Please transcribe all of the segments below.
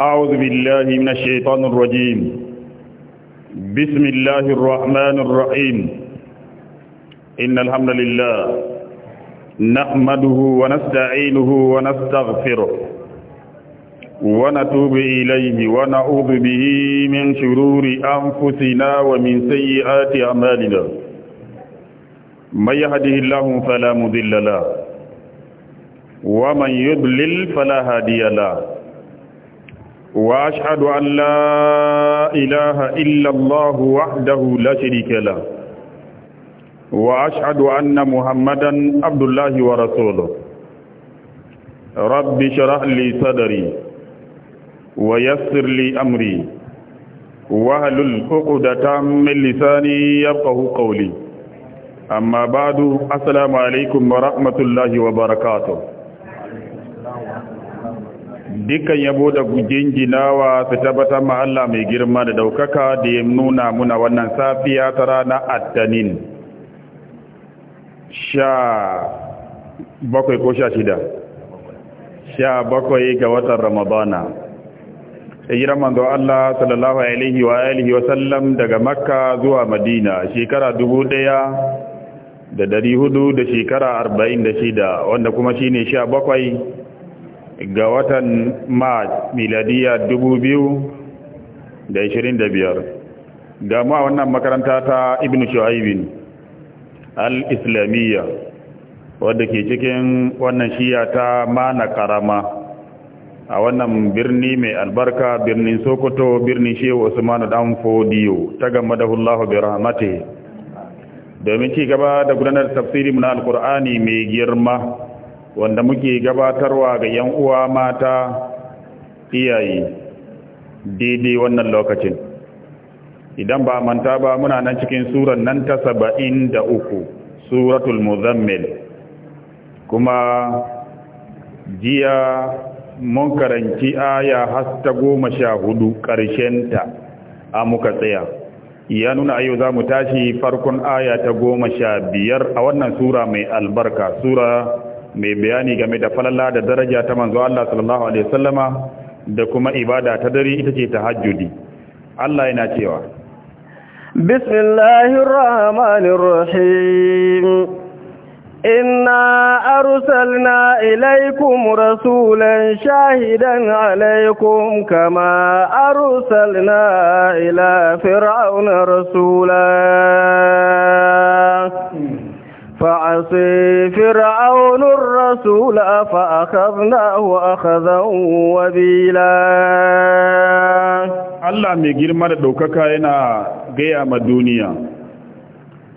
أعوذ بالله من الشيطان الرجيم بسم الله الرحمن الرحيم إن الحمد لله نحمده ونستعينه ونستغفره ونتوب إليه ونعوذ به من شرور أنفسنا ومن سيئات أعمالنا من يهده الله فلا مضل له ومن يضلل فلا هادي له وأشهد أن لا إله إلا الله وحده لا شريك له وأشهد أن محمدا عبد الله ورسوله رب اشرح لي صدري ويسر لي أمري وهل الأقدة من لساني يبقه قولي أما بعد السلام عليكم ورحمة الله وبركاته dukkan yabo da ginginawa su tabbatar ma Allah mai girma da daukaka da ya nuna muna wannan safiya ta rana attanin sha bakwai ko sha shida sha bakwai ga watan ramadana hijiran manzo Allah sallallahu alaihi wa alihi wa sallam daga makka zuwa madina shekara dubu ɗaya da dari hudu da shekara arba'in da shida wanda kuma shi ne sha bakwai ga watan maj miladiya 2025 ga ma wannan makaranta ta ibn shu'aibin al-islamiyya wadda ke cikin wannan shiya ta mana karama a wannan birni mai albarka birnin sokoto birnin shehu usman dan fodiyo ta gama da hullahu bi rahmatihi domin ci gaba da gudanar tafsirin na alkur'ani mai girma wanda muke gabatarwa ga yan uwa mata iyaye daidai wannan lokacin idan ba manta ba muna nan cikin surar nan ta saba'in da uku suratul muzammil kuma jiya mun karanci aya har ta goma sha hudu ta a muka tsaya ya nuna ayo za mu tashi farkon aya ta goma sha biyar a wannan sura mai albarka sura mai bayani game da falala da daraja ta manzo Allah sallallahu alaihi wasallama da kuma ibada ta dare ita ce tahajjudi Allah yana cewa Bismillahir Rahmanir Rahim Inna arsalna ilaykum rasulan shahidan alaykum kama arsalna ila fir'auna rasula hmm. فعصي فرعون الرسول فأخذناه أخذا وبيلا Allah mai girma da ɗaukaka yana gaya ma duniya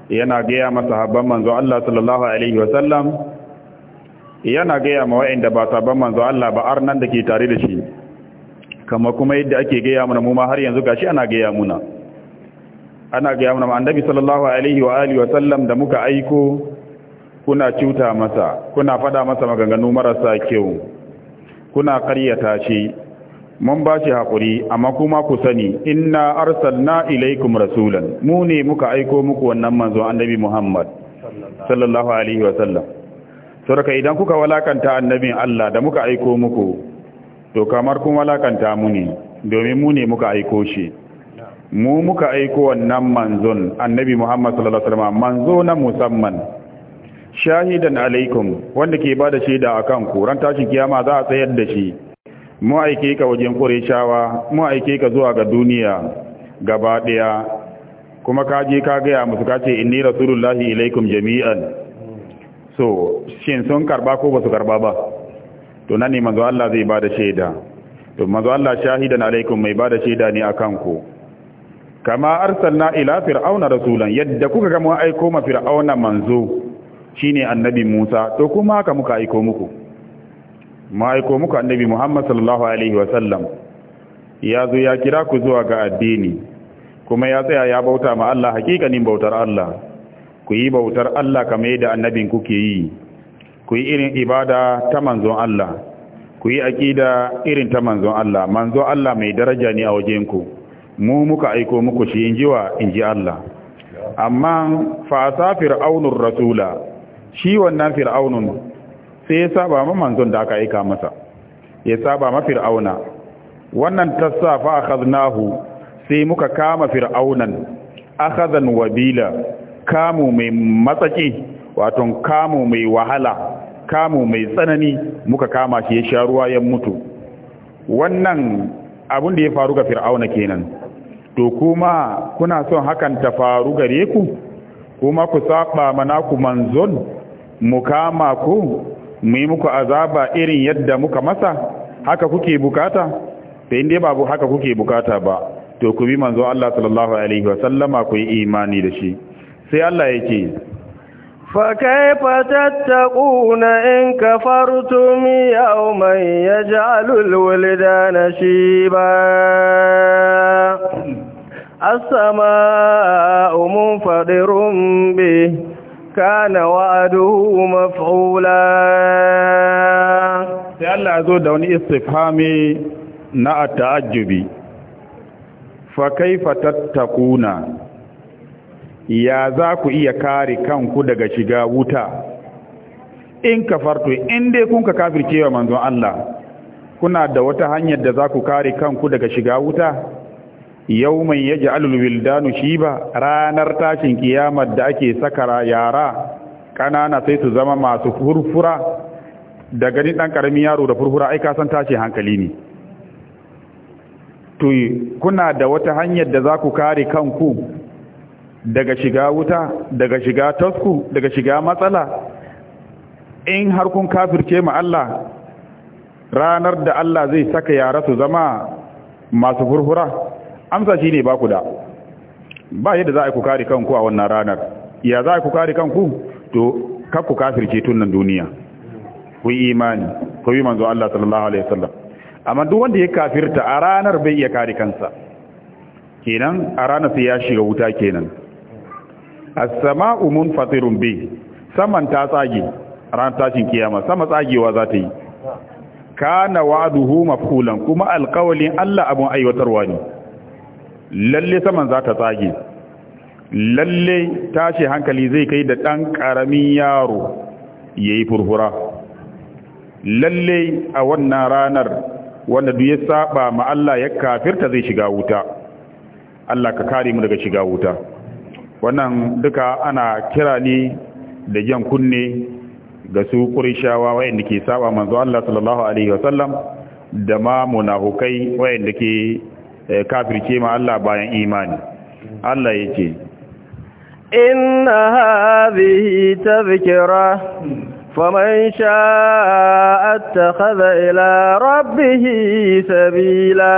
yana gaya ma sahabban manzo Allah sallallahu yana gaya ma wa'inda ba sahabban manzo Allah ba arnan da ke tare da shi kama kuma yadda ake gaya mana mu ma har yanzu gashi ana gaya muna ana gaya mana annabi sallallahu da muka aiko kuna cuta masa kuna fada masa maganganu marasa kyau kuna karyata shi mun ba shi haƙuri amma kuma ku sani inna arsalna ilaikum rasulan mu ne muka aiko muku wannan manzo annabi Muhammad sallallahu alaihi wa sallam saboda idan kuka walakanta annabin Allah da muka aiko muku to kamar kun walakanta mu ne domin mu ne muka aiko shi mu muka aiko wannan manzon annabi Muhammad sallallahu alaihi wa sallam manzo na musamman shahidan alaikum wanda ke bada shaida a ku ran tashin kiyama za a tsayar da shi mu aike ka wajen qurayshawa mu aike ka zuwa ga duniya gaba daya kuma ka je ka ga musu ka ce inni rasulullahi ilaikum jami'an so shin sun karba ko ba su karba ba to nan ne manzo Allah zai bada shaida to manzo Allah shahidan alaikum mai bada shaida ne akan ku kama arsalna ila fir'auna rasulan yadda kuka ga mu aiko ma fir'auna manzo Shi ne annabi Musa to kuma haka muka aiko muku ma aiko muku annabi Muhammad sallallahu alaihi wa sallam ya zo ya kira ku zuwa ga addini kuma ya tsaya ya bauta ma Allah hakikanin bautar Allah ku yi bautar Allah kamar yadda annabin kuke yi ku yi irin ibada ta manzon Allah ku yi aqida irin ta manzon Allah manzon Allah mai daraja ne a wajen ku. mu muka aiko muku shi injiwa inji Allah amma fa safir aunur rasula shi wannan fir'aunun sai ya saba ma manzon da aka aika masa ya saba ma fir'auna wannan tasafa akhadnahu sai muka kama fir'aunan akhadan wabila kamu mai matsaki wato kamu mai wahala kamu mai tsanani muka kama shi ya sha ruwa ya mutu wannan abin da ya faru ga fir'auna kenan to kuma kuna son hakan ta faru gare ku kuma ku saba mana ku manzon mukama ku mu yi muku azaba irin yadda muka masa haka kuke bukata da inda babu haka kuke bukata ba to ku bi manzo Allah sallallahu alaihi wa sallama ku yi imani da shi sai Allah yake tattaquna in kafartum yawman يوما يجعل shiba as-samaa'u منفطر به كان وعده مفعولا sai Allah ya zo da wani istifhami na ta'ajjubi fa kaifa tattakuna ya za ku iya kare kanku daga shiga wuta in kafartu in dai kun ka kafircewa manzon Allah kuna da wata hanyar da za ku kare kanku daga shiga wuta Yau mai yawman yaj'alul wildanu shiba ranar tashin kiyamar da ake sakara yara ƙanana sai su zama masu furfura da gani dan karamin yaro da furfura ai ka san tashi hankali ne to kuna da wata hanyar da za ku kare kanku daga shiga wuta daga shiga tasku daga shiga matsala in har kun kafirce ma Allah ranar da Allah zai saka yara su zama masu furfura amsa shine ba ku da ba yadda za a ku kare kanku a wannan ranar ya za a ku kare kanku to kar ku kafirce tun nan duniya ku yi imani ku yi manzo Allah sallallahu alaihi wasallam amma duk wanda ya kafirta a ranar bai iya kare kansa kenan a ranar sai ya shiga wuta kenan as-sama'u munfatirun bi saman ta tsage ranar tashin kiyama sama tsagewa za ta yi kana wa'aduhu mafhulan kuma alkawalin Allah abun aiwatarwa ne lalle saman za ta tsage lalle tashi hankali zai kai da ɗan ƙaramin yaro ya yi furfura lalle a wannan ranar wanda duk ya saba ma Allah ya kafirta zai shiga wuta Allah ka kare mu daga shiga wuta wannan duka ana kira ne da jan kunne ga su ƙurishawa wayanda ke saba manzo Allah sallallahu alaihi wasallam da ma munafukai wayanda ke Eh, kafirce ma Allah bayan imani Allah yake inna hadhihi tadhkira faman sha'a attakhadha ila rabbih sabila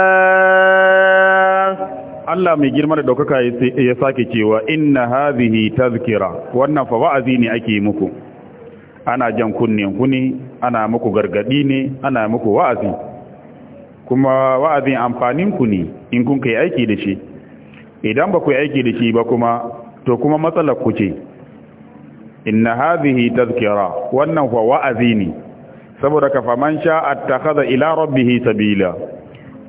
Allah mai girma da daukaka ya sake cewa inna hadhihi tadhkira wannan fa wa'azi ne ake muku ana jan kunne-kunne, ana muku gargadi ne ana muku wa'azi kuma wa'azin amfaninku ne in kun yi aiki da shi idan ba ku yi aiki da shi ba kuma to kuma matsalar ku ce inna hadhihi tazkira wannan kuwa wa'azi ne saboda ka faman sha attakhadha ila rabbih sabila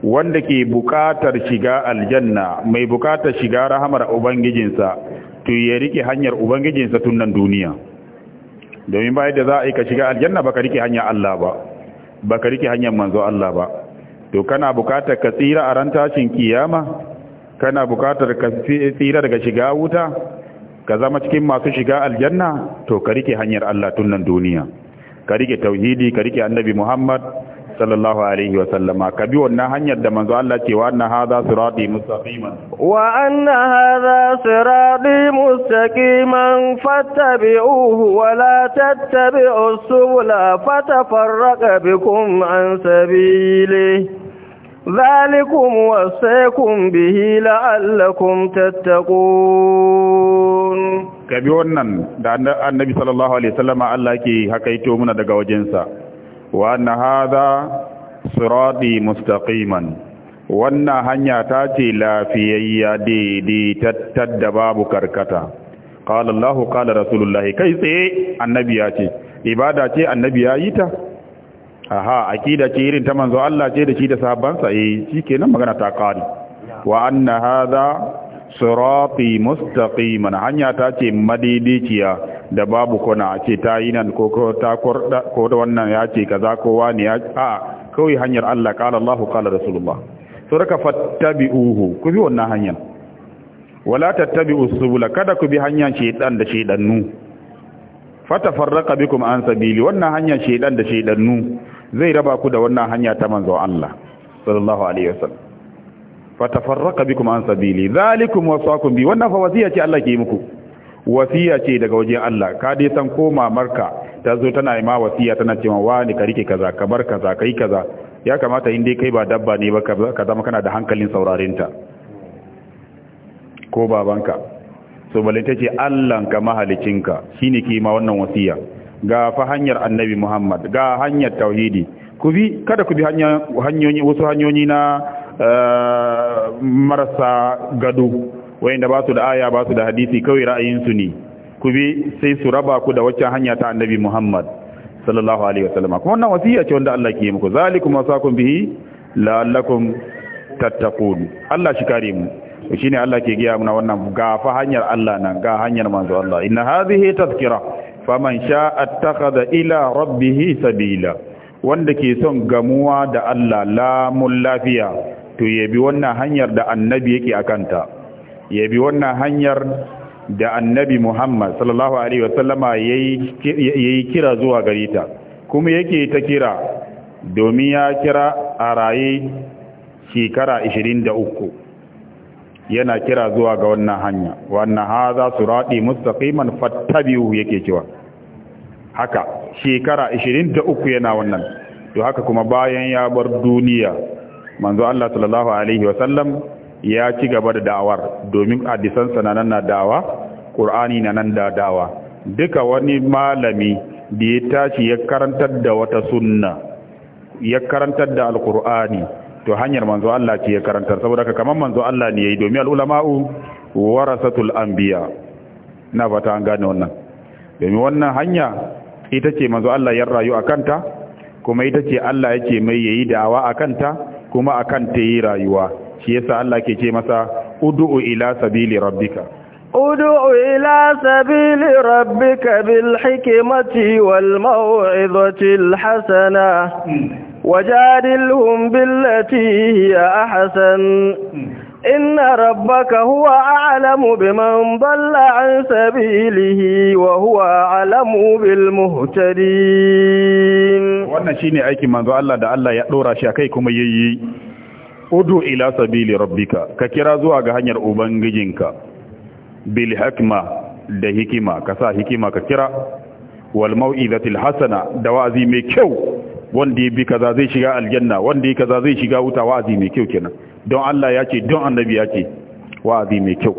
wanda ke bukatar shiga aljanna mai bukatar shiga rahamar ubangijinsa to ya rike hanyar ubangijinsa tun nan duniya domin bai da za a yi ka shiga aljanna baka rike hanyar Allah ba baka rike hanyar manzo Allah ba to kana bukatar ka tsira a ran tashin kiyama kana bukatar ka tsira daga shiga wuta ka zama cikin masu shiga aljanna to ka rike hanyar Allah tun nan duniya ka rike tauhidi ka rike annabi Muhammad صلى الله عليه وسلم كبير أن هني الدم الله وأن هذا صراطي مستقيما وأن هذا صراطي مستقيما فاتبعوه ولا تتبعوا السبل فتفرق بكم عن سبيله ذلكم وصيكم به لعلكم تتقون كبير أن النبي صلى الله عليه وسلم الله كي حكيتو من دقاء وأن هذا صراطي مستقيما وأن هنيا تاتي لا في يدي دي تتد باب كركتا قال الله قال رسول الله كيف النبي ياتي ibada ce annabi yi ta aha akida ce irin ta manzo Allah ce da shi da sahabbansa eh kenan magana ta kare wa anna hadha sirati mustaqiman hanya ta ce madidiciya da babu kona ce ta yi nan ko ta ko da wannan ya ce kaza kowa ne ya a kawai hanyar Allah kala Allah kala Rasulullah so raka fattabi'uhu ku bi wannan hanyar wala tattabi'u subula kada ku bi hanyar shedan da shedannu fatafarraqa bikum an sabili wannan hanyar shedan da shedannu zai raba ku da wannan hanya ta manzo Allah sallallahu alaihi wasallam fatafarraqa bikum an sabili zalikum wasaqum bi wannan fa wasiya ce Allah ke yi muku wasiya ce daga wajen Allah ka dai san ko mamarka ta zo tana yi ma wasiya tana cewa wani ka rike kaza ka bar kaza kai kaza ya kamata in dai kai ba dabba ne ba ka zama kana da hankalin sauraren ta ko babanka so balinta ce Allah ka mahalicinka shine ke ma wannan wasiya ga fa hanyar annabi Muhammad ga hanyar tauhidi ku bi kada ku bi hanyoyi wasu hanyoyi na marasa gado wayanda ba su da aya ba su da hadisi kawai ra'ayinsu ne ku bi sai su raba ku da waccan hanya ta annabi Muhammad sallallahu alaihi wasallam kuma wannan wasiya ce wanda Allah ke yi muku zalikum wasakum bihi la'allakum tattaqun Allah shi kare mu shine Allah ke giya muna wannan ga fa hanyar Allah nan ga hanyar manzo Allah inna hadhihi tazkira faman sha'a attakhadha ila rabbihi sabila wanda ke son gamuwa da Allah lamun lafiya to ya bi wannan hanyar da annabi yake a ya yabi wannan hanyar da annabi Muhammad sallallahu alaihi wasallama yi kira zuwa gare ta kuma yake ta kira domin ya kira a raye shekara 23 yana kira zuwa ga wannan hanya wannan ha za su surati mustaqiman fattabi'u yake cewa haka shekara 23 yana wannan to haka kuma bayan ya bar duniya manzo Allah sallallahu alaihi wasallam ya ci gaba da da'awar domin hadisan sananan na da'awa qur'ani na nan da da'awa duka wani malami da ya tashi ya karantar da wata sunna ya karantar da alqur'ani to hanyar manzo Allah ce ya karantar saboda haka kamar manzo Allah ne yayi domin al-ulama'u warasatul anbiya na fata an gane wannan domin wannan hanya ita ce manzo Allah ya rayu a kanta kuma ita ce Allah yake mai yayi da'awa a kanta kuma akan ta yi rayuwa shi yasa Allah ke ce masa ud'u ila sabili rabbika Udu'u ila sabili rabbika bil hikmati wal maw'izati al hasana hmm. wajadilhum billati hiya ahsan hmm. إن ربك هو أعلم بمن ضل عن سبيله وهو أعلم بالمهتدين wannan shine aikin manzo Allah da Allah ya dora shi kai kuma yayi udu ila sabili rabbika ka kira zuwa ga hanyar ubangijinka bil hikma da hikima ka sa hikima ka kira wal mau'izatil hasana da wa'azi mai kyau wanda bi kaza zai shiga aljanna wanda kaza zai shiga wuta wa'azi mai kyau kenan don Allah ya ce don annabi ya ce wa'azi mai kyau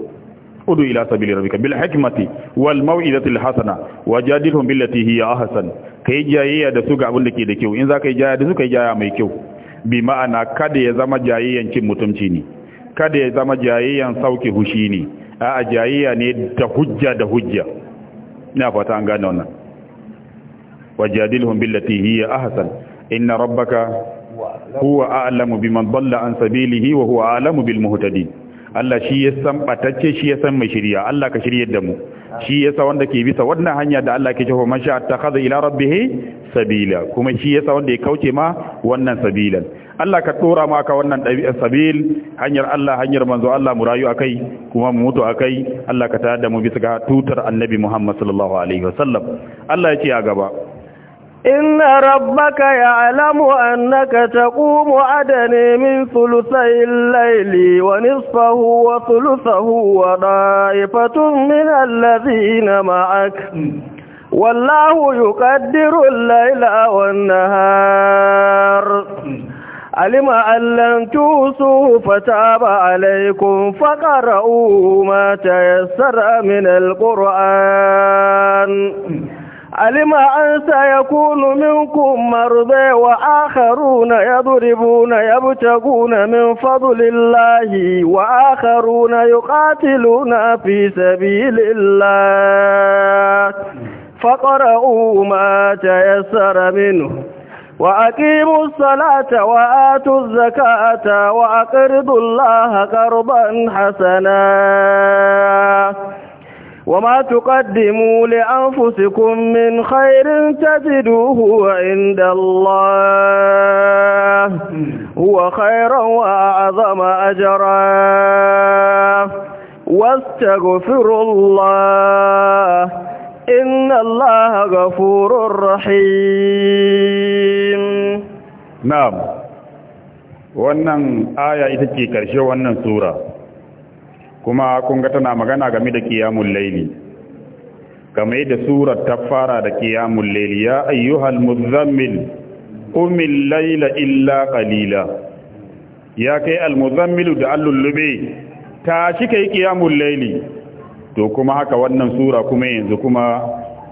udu ila sabili rabbika bil hikmati wal mau'izati al hasana wajadilhum billati hiya ahsan kai jayayya da su ga abin da ke da kyau in za ka yi jayayya da su kai jayayya mai kyau bi ma'ana kada ya zama jayayyan cin mutumci ne kada ya zama jayayyan sauke hushi ne a'a jayayya ne da hujja da hujja ina fata an gane wannan wajadilhum billati hiya ahsan inna rabbaka huwa a'lamu biman dalla an sabilihi wa huwa a'lamu bil muhtadin Allah shi ya san batacce shi ya san mai shirya Allah ka shiryar da mu shi ya sa wanda ke bisa wannan hanya da Allah ke cewa man sha attakhadha ila rabbih sabila kuma shi ya sa wanda ya kauce ma wannan sabilan Allah ka dora mu aka wannan dabi'ar sabil hanyar Allah hanyar manzo Allah mu rayu akai kuma mu mutu akai Allah ka tada mu bisa ga tutar annabi Muhammad sallallahu alaihi wasallam Allah ya ce a gaba إن ربك يعلم أنك تقوم عدني من ثلثي الليل ونصفه وثلثه وطائفة من الذين معك والله يقدر الليل والنهار علم أن لن توسوا فتاب عليكم فقرؤوا ما تيسر من القرآن علم أن سيكون منكم مرضى وآخرون يضربون يبتغون من فضل الله وآخرون يقاتلون في سبيل الله فقرأوا ما تيسر منه وأقيموا الصلاة وآتوا الزكاة وأقرضوا الله قرضا حسنا وما تقدموا لأنفسكم من خير تجدوه عند الله هو خيرا وأعظم أجرا واستغفروا الله إن الله غفور رحيم نعم wannan aya ita ce ƙarshe wannan sura kuma kun ga tana magana game da qiyamul layli game da surar ta fara da qiyamul layli ya ayyuhal muzammil qumil layla illa qalila ya kai al muzammilu da ta tashi kai qiyamul layli to kuma haka wannan sura kuma yanzu kuma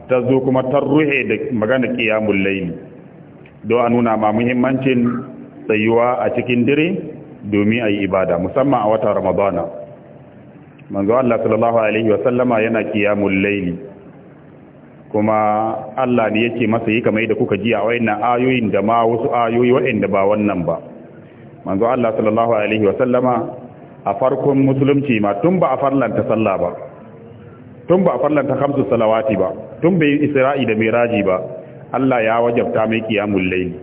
ta zo kuma ta ruhe da magana qiyamul layli don a nuna ma muhimmancin tsayuwa a cikin dire domin a yi ibada musamman a watan ramadana manzo Allah sallallahu alaihi wa sallama yana qiyamul layli kuma Allah ne yake masa yi kamar da kuka ji a wayannan ayoyin da ma wasu ayoyi wayanda ba wannan ba manzo Allah sallallahu alaihi wa sallama a farkon musulunci ma tun ba a farlanta sallah ba tun ba a farlanta khamsu salawati ba tun bai isra'i da miraji ba Allah ya wajabta mai qiyamul layli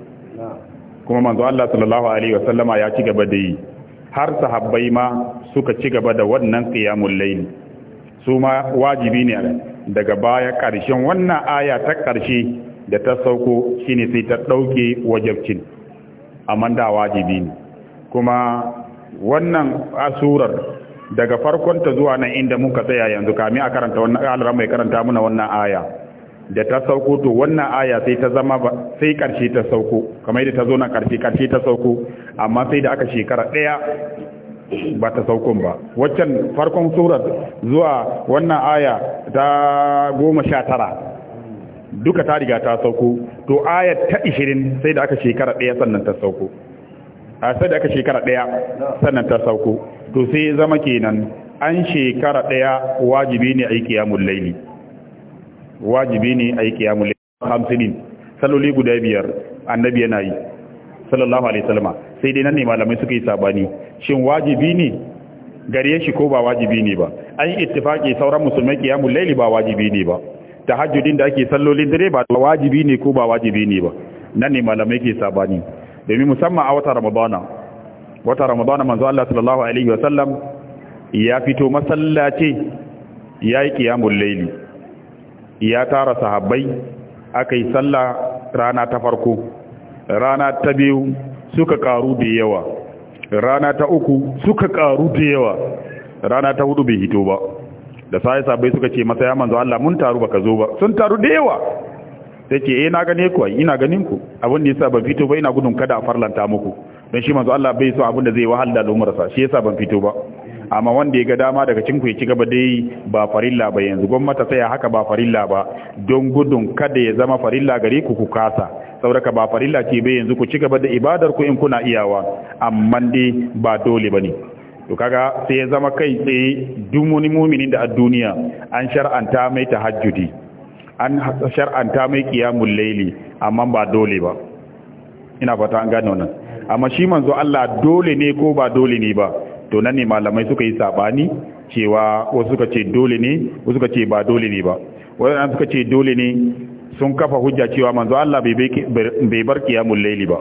kuma manzo Allah sallallahu alaihi wa sallama ya ci gaba da yi har sahabbai ma suka ci gaba da wannan qiyamul layl su ma wajibi ne daga baya ƙarshen wannan aya ta ƙarshe da ta sauko shine sai ta ɗauke wajabcin amma da wajibi ne kuma wannan asurar daga farkon ta zuwa nan inda muka tsaya yanzu kami a karanta wannan mai karanta muna wannan aya da ta sauko to wannan aya sai ta zama ba sai karshe ta sauko kamar da ta zo na karshe karshe ta sauko amma sai da aka shekara daya ba ta saukon ba waccan farkon surat zuwa wannan aya ta goma sha tara duka ta riga ta sauko to aya ta ishirin sai da aka shekara daya sannan ta sauko a sai da aka shekara daya sannan ta sauko to sai zama kenan an shekara daya wajibi ne a yi kiyamun laili wajibi ne a yi kiyamu hamsinin saloli guda biyar annabi yana yi sallallahu alaihi wasallama sai dai nan ne malamai suka yi sabani shin wajibi ne gare shi ko ba wajibi ne ba an yi ittifaki sauran musulmai kiyamu laili ba wajibi ne ba tahajjudin da ake sallolin dare ba wajibi ne ko ba wajibi ne ba nan ne malamai ke sabani domin musamman a wata ramadana wata ramadana manzo Allah sallallahu alaihi wa sallam ya fito masallaci yayi kiyamul laili ya tara sahabbai aka yi sallah rana ta farko rana ta biyu suka karu da yawa rana ta uku suka karu da yawa rana ta hudu bai hito ba da sai sahabbai suka ce masa ya manzo Allah mun taru baka zo ba sun taru da yawa sai ce eh na gane ku ina ganin ku abin da yasa ban fito ba ina gudun kada a farlanta muku don shi manzo Allah bai so abin da zai wahala da umarsa shi yasa ban fito ba amma wanda ya ga dama daga cinku ya ci gaba dai ba farilla ba yanzu gwamnati tsaya haka ba farilla ba don gudun kada ya zama farilla gare ku ku kasa sauraka ba farilla ce ba yanzu ku ci gaba da ibadar ku in kuna iyawa amma dai ba dole bane to kaga sai ya zama kai tsaye dumuni muminin da a duniya an shar'anta mai tahajjudi an shar'anta mai qiyamul layli amma ba dole ba ina fata an gane wannan amma shi manzo Allah dole ne ko ba dole ne ba to nan ne malamai suka yi sabani cewa wasu suka ce dole ne wasu suka ce ba dole ne ba waɗannan suka ce dole ne sun kafa hujja cewa manzo Allah bai bar qiyamul layli ba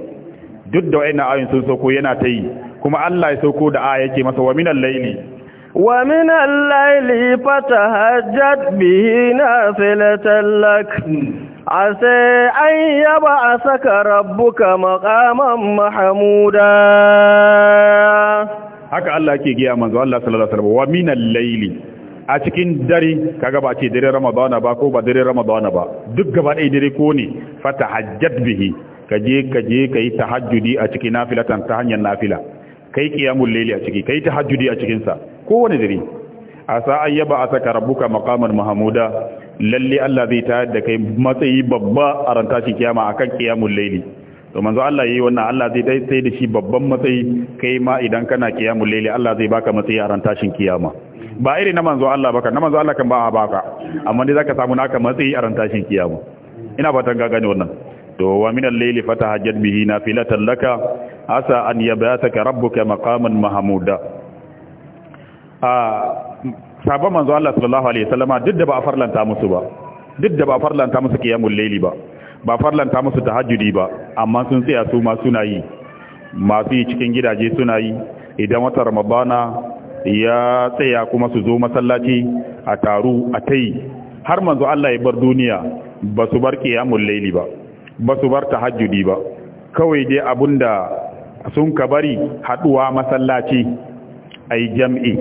duk da wayannan ayoyin sun sauko yana ta yi kuma Allah ya sauko da aya yake masa wa minal layli wa minal layli fatahajjat bihi nafilatan lak hmm. asa an yaba saka rabbuka maqaman mahmuda haka Allah yake giya manzo Allah sallallahu alaihi wasallam wa minal layli a cikin dare kaga ba ce dare ramadana ba ko ba dare ramadana ba duk gaba ɗaya dare ko ne fatahajjat bihi kaje kaje kai tahajjudi a cikin nafilatan ta hanyar nafila kai qiyamul layli a ciki kai tahajjudi a cikin sa wani dare asa ayyaba asaka rabbuka maqaman mahmuda lalle Allah zai tayar da kai matsayi babba a rantashin kiyama akan qiyamul layli to manzo Allah yayi wannan Allah zai dai sai da shi babban matsayi kai ma idan kana kiyamul layli Allah zai baka matsayi a ran tashin kiyama ba irin na manzo Allah baka na manzo Allah kan ba a baka amma dai zaka samu naka matsayi a ran tashin kiyama ina fatan ga gane wannan to wa min al-layli jad bihi nafilatan laka asa an yabataka rabbuka maqaman mahmuda a sabon manzo Allah sallallahu alaihi wasallama duk da ba a farlanta musu ba duk da ba a farlanta musu kiyamul layli ba ba farlanta musu tahajjudi ba amma sun tsaya su ma suna yi masu yi cikin gidaje suna yi idan wata ramabana ya tsaya kuma su zo masallaci a taru a tai har manzo Allah ya bar duniya ba su bar qiyamul laili ba ba su bar tahajjudi ba kawai dai abunda sun ka bari haduwa masallaci ai jam'i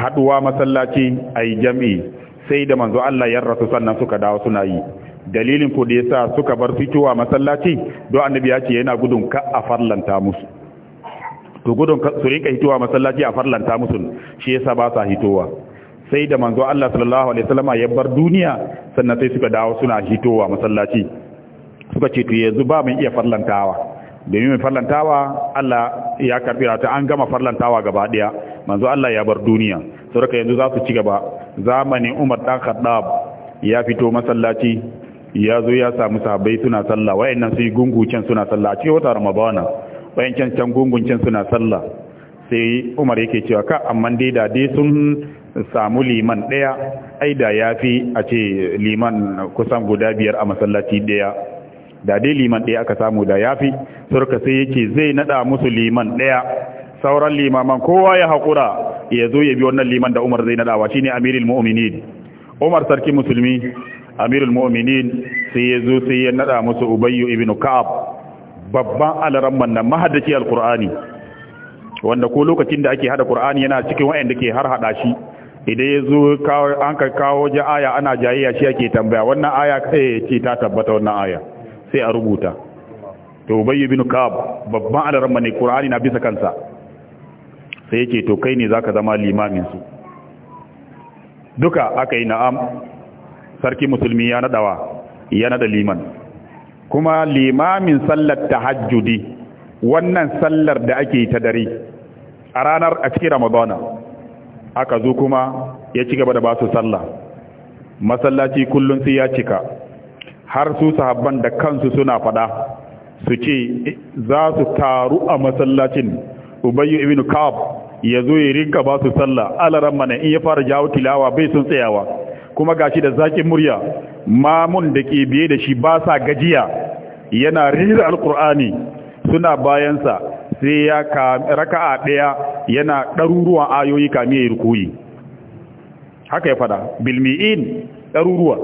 haduwa masallaci ai jam'i sai da manzo Allah ya rasu sannan suka dawo suna yi dalilin ko da yasa suka bar fitowa masallaci don annabi ya ce yana gudun ka a farlanta musu to gudun su rinka hitowa masallaci a farlanta musu shi yasa ba sa hitowa sai da manzo Allah sallallahu alaihi wasallama ya bar duniya sannan sai suka dawo suna hitowa masallaci suka ce to yanzu ba mun iya farlantawa domin mai farlantawa Allah ya karbi ta an gama farlantawa gaba daya manzo Allah ya bar duniya saboda yanzu za su ci gaba zamanin Umar dan Khattab ya fito masallaci ya zo ya samu sahabbai suna sallah wayannan sai can suna sallah a cikin wata ramadana wayancan can gungun can suna sallah sai Umar yake cewa ka amma dai da dai sun samu liman daya ai da yafi a ce liman kusan guda biyar a masallaci daya da dai liman daya aka samu da yafi surka sai yake zai nada musu liman daya sauran limaman kowa ya hakura ya zo ya bi wannan liman da Umar zai nadawa shine amirul mu'minin Umar sarki musulmi amirul mu'minin sai ya zo sai ya nada musu ubayyu ibn ka'ab babban alaramman nan mahaddaci alqur'ani wanda ko lokacin da ake hada qur'ani yana cikin da ke har hada shi idan ya zo an ka kawo ja aya ana jayayya shi ake tambaya wannan aya kai eh, ce ta tabbata wannan aya sai a rubuta to ubayy ibn ka'ab babban alaramman ne qur'ani na bisa kansa sai yake to kai ne zaka zama limamin su duka aka yi na'am sarki musulmi ya nadawa ya nada liman kuma limamin sallar ta tahajjudi wannan sallar da ake ta dare a ranar a cikin ramadana aka zo kuma ya ci gaba da ba su sallah masallaci kullum sai ya cika har su sahabban da kansu suna fada su ce za su taru a masallacin ubayyu ibn kab ya zo ya rinka ba su sallah alaramma mana in ya fara jawo tilawa bai sun tsayawa kuma gashi da zakin murya mamun da ke biye da shi ba sa gajiya yana rira alkur'ani suna bayansa sai ya raka'a ɗaya yana ɗaruruwan ayoyi kamiya yi rukuyi haka ya fada bilmi'in ɗaruruwa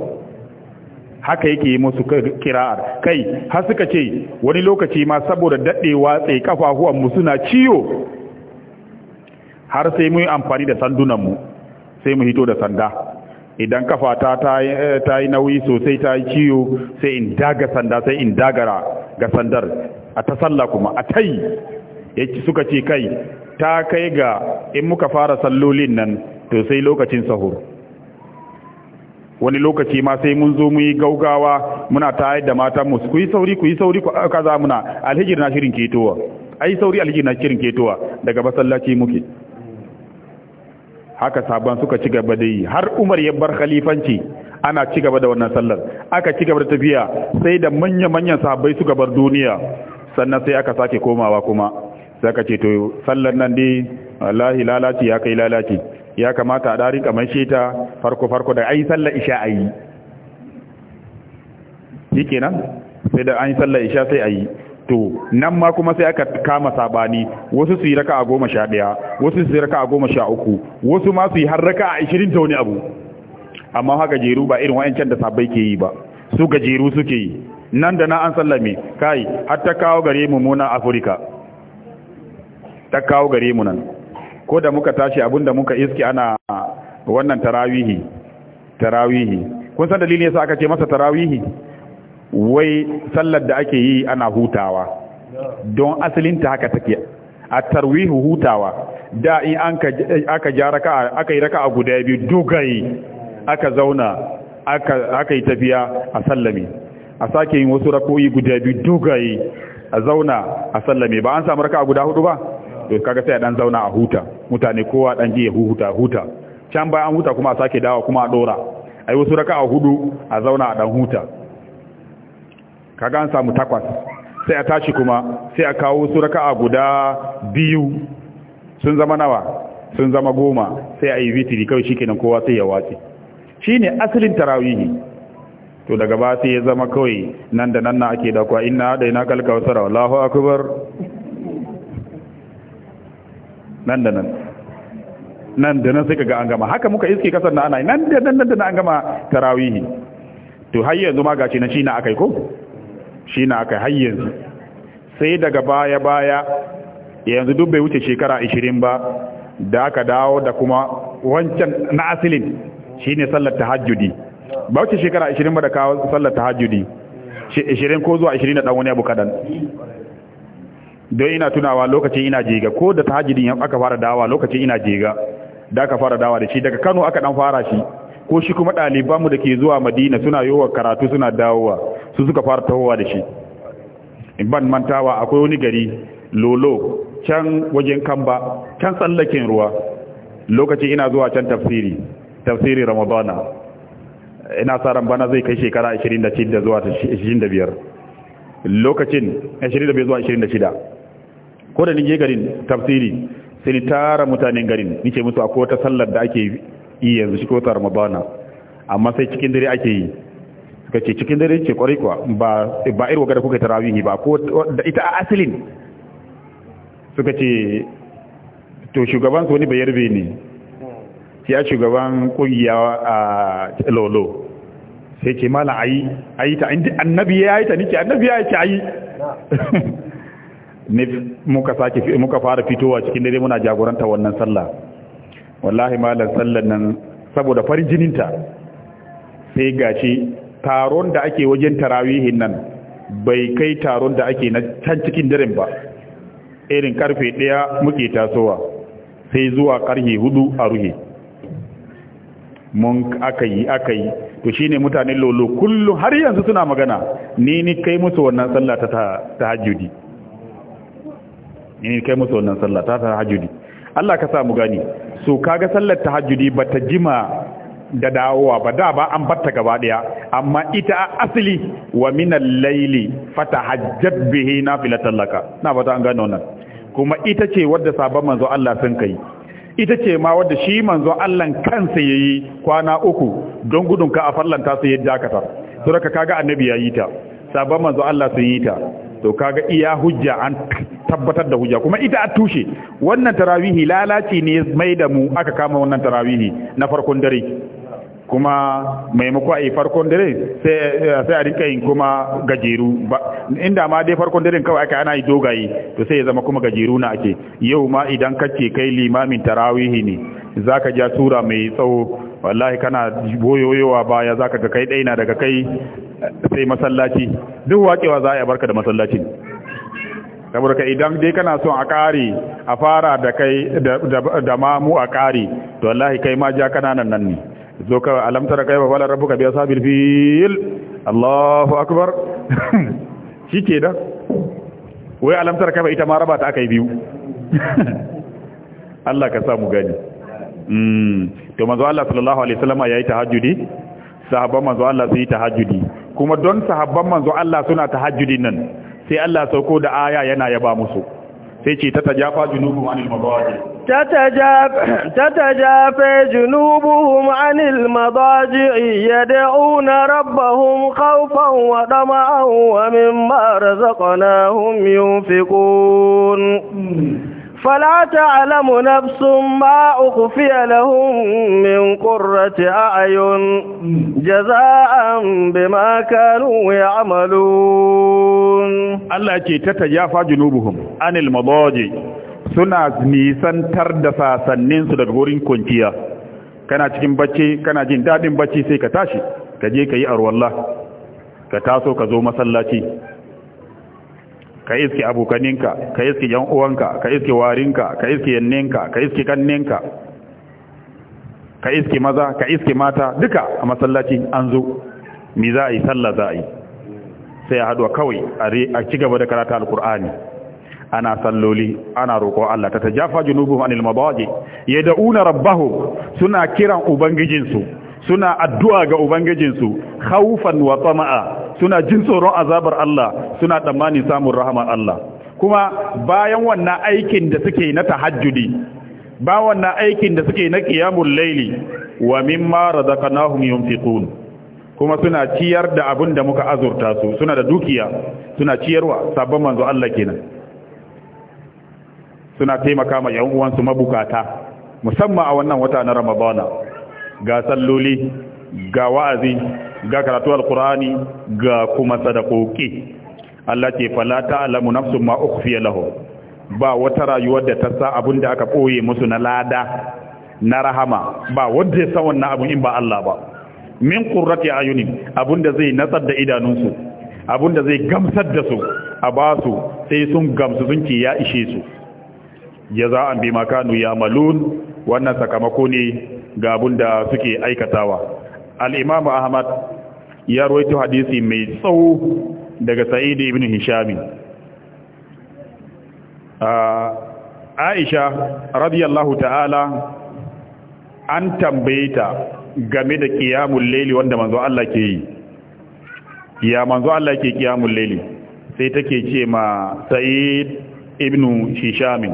haka yake yi musu kira'ar kai har suka ce wani lokaci ma saboda daɗewa tsaye kafafuwanmu suna ciwo har sai mun amfani da sandunanmu sai mu hito da sanda idan kafa eh, ta yi nauyi sosai ta yi ciwo sai in daga sanda sai in dagara ga sandar a ta salla kuma a tai ya suka ce kai ta kai ga in muka fara sallolin nan to sai lokacin sahur wani lokaci ma sai mun zo mu yi gaugawa muna tayar da matan musu ku yi sauri ku yi sauri ku za muna alhijir na shirin ketowa ai sauri alhijir na shirin ketowa daga masallaci muke haka sabon suka ci gaba da yi har umar ya bar khalifanci ana ci gaba da wannan sallar aka ci gaba da tafiya sai da manya-manyan sahabbai suka bar duniya sannan sai aka sake komawa kuma sai ka ce to sallar nan dai wallahi lalaci ya kai lalaci ya kamata a dari kamar sheta farko farko da ai sallar isha ayi shikenan sai da an yi sallar isha sai ayi to nan ma kuma sai aka kama sabani wasu su yi raka a goma sha ɗaya wasu su yi raka a goma sha uku wasu ma su yi har raka a ishirin ta wani abu amma haka jeru ba irin wa'ancan da sabai ke yi ba su gajeru suke yi nan da na an sallame kai har ta kawo gare mu muna afirka ta kawo gare mu nan ko da muka tashi da muka iski ana wannan tarawihi tarawihi kun san dalilin yasa aka ce masa tarawihi wai sallar da ake yi ana hutawa don asalinta haka take a tarwihu hutawa da in aka ja raka aka yi raka a guda biyu dogaye aka zauna aka yi tafiya a sallame a sake yin wasu rakoyi guda biyu dogaye a zauna a sallame ba an samu raka a guda hudu ba to kaga sai a dan zauna a huta mutane kowa dan je ya huta huta can bayan an huta kuma a sake dawa kuma a dora ai wasu raka a hudu a zauna a dan huta kaga an samu takwas sai a tashi kuma sai a kawo su raka'a guda biyu sun zama nawa sun zama goma sai a yi vitri kawai shikenan kowa sai ya wace shine asalin tarawihi to daga ba sai ya zama kawai nan da nan na ake dakwa inna ina kalka wasara wallahu akubar nan da nan nan da nan sai ka ga an gama haka muka iske kasar na ana nan da nan da an gama tarawihi to har yanzu ma gashi na shi na akai ko shi na aka hayyanzu yanzu sai daga baya-baya yanzu duk bai wuce shekara 20 ba da aka dawo da kuma wancan na asilin shi ne sallar tahajjudi ba wuce shekara 20 ba da kawo sallar tahajjudi 20 ko zuwa 20 da ɗan wani abu kaɗan don ina tunawa lokacin ina jega ko da tahajjudin aka fara dawa lokacin ina jega da aka fara dawa da shi daga kano aka ɗan fara shi ko shi kuma ɗalibanmu da ke zuwa madina suna yowa karatu suna dawowa su suka fara tahowa da shi in ban mantawa akwai wani gari lolo can wajen kamba can tsallaken ruwa lokaci ina zuwa can tafsiri tafsiri ramadana ina sa bana zai kai shekara 26 zuwa 25 lokacin 25 zuwa 26 ko da nije garin tafsiri sai ni tara mutanen garin nike musu akwai wata sallar da ake yi yanzu shi ko ta ramadana amma sai cikin dare ake yi suka ce cikin dare ce kwarai kuwa ba ba irwa da kuka tarawihi ba ko da ita a asalin suka ce to shugaban su wani bayarbe ne ya shugaban kungiya a lolo sai ke malam ayi yi ta annabi ya yi ta nike annabi ya yi ta ayi ne muka sake muka fara fitowa cikin dare muna jagoranta wannan sallah wallahi malam sallar nan saboda farin jininta sai gashi taron da ake wajen tarawihin nan bai kai taron da ake na can cikin daren ba irin karfe ɗaya muke tasowa sai zuwa karfe hudu a ruhe mun aka yi aka yi to shine mutanen lolo kullum har yanzu suna magana ni ni kai musu wannan sallah ta tahajjudi ni ni kai musu wannan sallah ta tahajjudi Allah ka sa mu gani so kaga sallar tahajjudi bata jima da dawowa ba da ba an batta gaba daya amma ita a asali wa min al-layli fatahajjat bihi nafilatan laka na fata an gano nan kuma ita ce wadda sabon manzo Allah sun kai ita ce ma wadda shi manzo Allah kansa yayi kwana uku don gudun ka a fallanta su yadda dakata to daga kaga annabi yayi ta sabon manzo Allah sun yi ta to kaga iya hujja an tabbatar da hujja kuma ita a tushe wannan tarawihi lalaci ne mai da mu aka kama wannan tarawihi na farkon dare kuma maimako a yi farkon dare sai a rika yin kuma gajeru inda ma dai farkon dare kawai aka ana yi dogaye to sai ya zama kuma gajeru na ake yau ma idan kace kai limamin tarawihi ne za ka ja sura mai tsawo wallahi kana boyoyowa baya ka ga kai daina daga kai sai masallaci duk wakewa za a barka da masallacin saboda ka idan dai kana son a kare a fara da kai da mamu a kare to wallahi kai ma ja kananan nan ne zo ka alamtara kai wa wala rabbuka bi ashabil fil Allahu akbar shike da wai alamtara kai ita ma raba ta akai biyu Allah ka samu gani mm to manzo Allah sallallahu alaihi wasallam yayi tahajjudi sahabban manzo Allah su yi tahajjudi kuma don sahabban manzo Allah suna tahajjudin nan sai Allah sauko da aya yana yaba musu سيتي تتجافى جنوبهم عن المضاجع anil تتجافى جنوبهم عن المضاجع يدعون ربهم خوفا وطمعا ومما رزقناهم ينفقون فلا تعلم نفس ما أخفي لهم من قرة أعين جزاء بما كانوا يعملون الله يكي تتجافى جنوبهم عن المضاجع suna nisantar da sasanninsu daga wurin kwanciya kana cikin bacci kana jin daɗin bacci sai ka tashi ka je ka yi ka taso ka zo masallaci ka iske abokaninka ka iske yan uwanka ka iske warinka ka iske yanninka ka iske kanninka ka iske maza ka iske mata duka a masallaci an zo mi za a yi sallah za a yi sai a haɗuwa kawai a ci gaba da karata alkur'ani ana salloli ana roƙo Allah ta tajafa junubuhum anil mabaji yad'una rabbahum suna kiran ubangijinsu suna addu'a ga ubangijinsu khawfan wa tama'a suna jin tsoron azabar Allah suna tsammani samun rahama Allah kuma bayan wannan aikin da suke na tahajjudi ba wannan aikin da suke na qiyamul laili wa mimma razaqnahum yunfiqun kuma suna ciyar da abin da muka azurta su suna da dukiya suna ciyarwa sabon manzo Allah kenan suna taimaka ma yan uwansu mabukata musamman a wannan wata na Ramadana ga salloli ga wa'azi ga karatu alkur'ani ga kuma sadakoki Allah ce fala ta'lamu nafsun ma ukhfiya lahu ba wata rayuwar da ta sa abin da aka koye musu na lada na rahama ba wanda ya san wannan abun in ba Allah ba min qurrati ayunin abun da zai nasar da idanunsu abun da zai gamsar da su a ba su sai sun gamsu sun ce ya ishe su Ya za a jaza'an makanu ya malun wannan sakamako ne ga abun da suke aikatawa al-imam ahmad ya rawaito hadisi mai tsawo daga sa'id ibn Hishami. aisha radiyallahu ta'ala an tambaye ta game da qiyamul layli wanda manzo Allah ke yi ya manzo Allah ke qiyamul layli sai take ce ma sa'id ibn hisham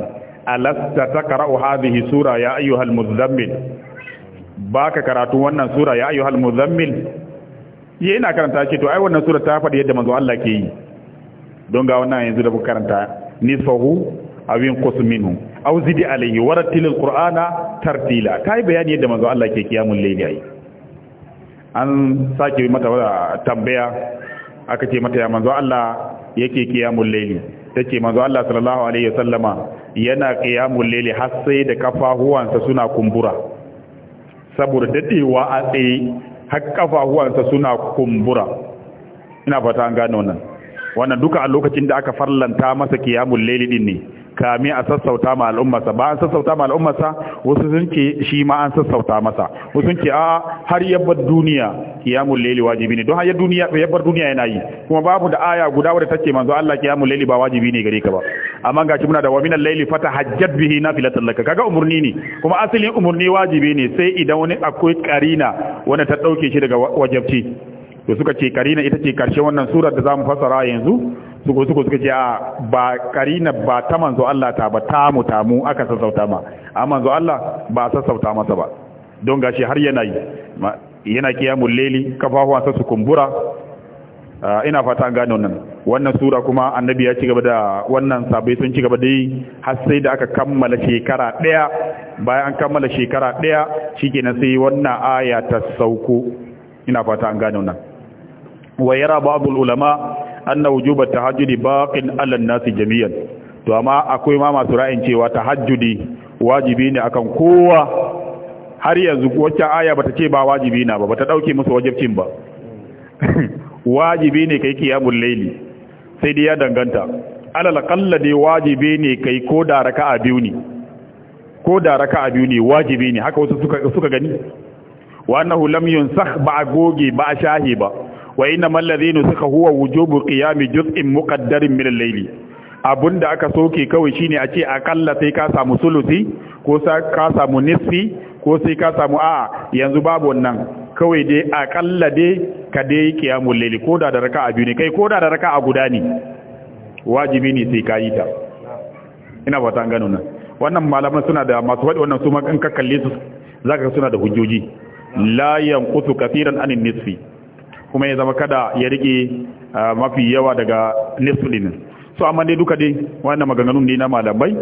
alasta taqra'u sura ya ayyuhal muzammil ba ka karatu wannan sura ya hal muzammil ya ina karanta ce to ai wannan sura ta faɗi yadda manzo Allah ke yi don ga wannan yanzu da kuka karanta nisfahu aw yanqus minhu aw zidi alayhi warattil alqur'ana tartila kai bayani yadda manzo Allah ke kiyamul layli ai an sake mata tambaya aka ce mata ya manzo Allah yake kiyamul layli tace manzo Allah sallallahu alaihi wasallama yana kiyamul layli har sai da kafahuwansa suna kumbura saboda daɗewa a tsaye har kafafuwansa suna kumbura ina fata an gane wannan wannan duka a lokacin da aka farlanta masa kiyamul laili ne kame a sassauta ma al'ummarsa ba an sassauta ma al'ummarsa wasu sun ce shi ma an sassauta masa wasu sun ce a har yabbar duniya qiyamul Laili wajibi ne don har duniya yabbar duniya yana yi kuma babu da aya guda wadda take manzo Allah qiyamul Laili ba wajibi ne gare ka ba amma gashi muna da wa Laili fata hajjat bihi nafilatan laka kaga umurni ne kuma asalin umurni wajibi ne sai idan wani akwai karina wanda ta dauke shi daga wajabci to suka ce karina ita ce karshe wannan surar da zamu fassara yanzu suko suko suka ce a ba karina ba ta manzo Allah ta ba ta mu ta mu aka sassauta ma a manzo Allah ba sassauta masa ba don gashi har yana yi yana kiyamul leli sa su kumbura ina fata an gane wannan wannan sura kuma annabi ya ci gaba da wannan sabai sun ci gaba da yi har sai da aka kammala shekara ɗaya bayan an kammala shekara daya shikenan sai wannan aya ta sauko ina fata an gane wannan wa yara ba'dul ulama anna wujuba tahajjudi baqin ala nasi jami'an to amma akwai ma masu ra'ayin cewa tahajjudi wajibi ne akan kowa har yanzu wacce aya bata ce ba wajibi na ba bata dauke musu wajibcin ba wajibi ne kai kiyamul Layli sai dai ya danganta alal qalla dai wajibi ne kai ko da raka'a biyu ne ko da raka'a biyu ne wajibi ne haka wasu suka suka gani wa annahu lam yunsakh ba goge ba shahi ba wa inna mallazi suka huwa wujubu qiyami juz'in muqaddarin min al-layli abunda aka soke kawai shine a ce akalla sai ka samu sulusi ko ka samu nisfi ko sai ka samu a'a yanzu babu wannan kawai dai akalla dai ka dai qiyamul layli ko da da raka a biyu ne kai ko da da raka a guda ne wajibi ne sai ka yi ta ina ba ta gano nan wannan malaman suna da masu wadi wannan su ma kan ka kalle su zaka suna da hujjoji la yanqutu kathiran anin nisfi kuma ya zama kada ya rike mafi yawa daga nisfu din so amma dai duka dai wannan maganganun ne na malamai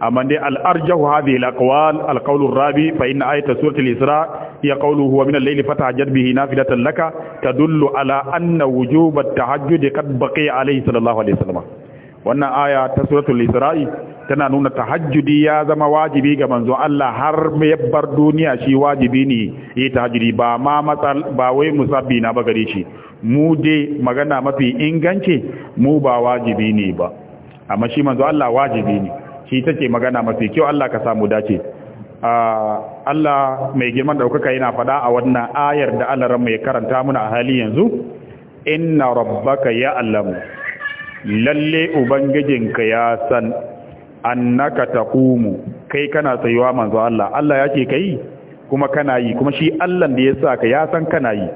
amma dai al-arjahu hadhihi al-aqwal al-qawl ar-rabi fa inna ayata surati isra hiya qawluhu wa min al-layli fatahajjad bihi nafilatan laka tadullu ala anna wujuba at-tahajjud qad baqiya alayhi sallallahu alayhi wasallam wannan aya ta suratul isra'i tana nuna tahajjudi ya zama wajibi ga manzo Allah har yabbar duniya shi wajibi ne yi tahajjudi ba ma matsal ba wai musabbi na ba gare shi mu dai magana mafi inganci mu ba wajibi ne ba amma shi manzo Allah wajibi ne shi take magana mafi kyau Allah ka samu dace ah, Allah mai girman daukaka yana faɗa a wannan ayar da Allah ran mai karanta muna a hali yanzu inna rabbaka ya'lamu lalle ubangijinka ya san annaka taqumu kai kana tsayuwa manzo Allah Allah yake kai kuma kana yi kuma shi Allah da ya sa ka ya san kana yi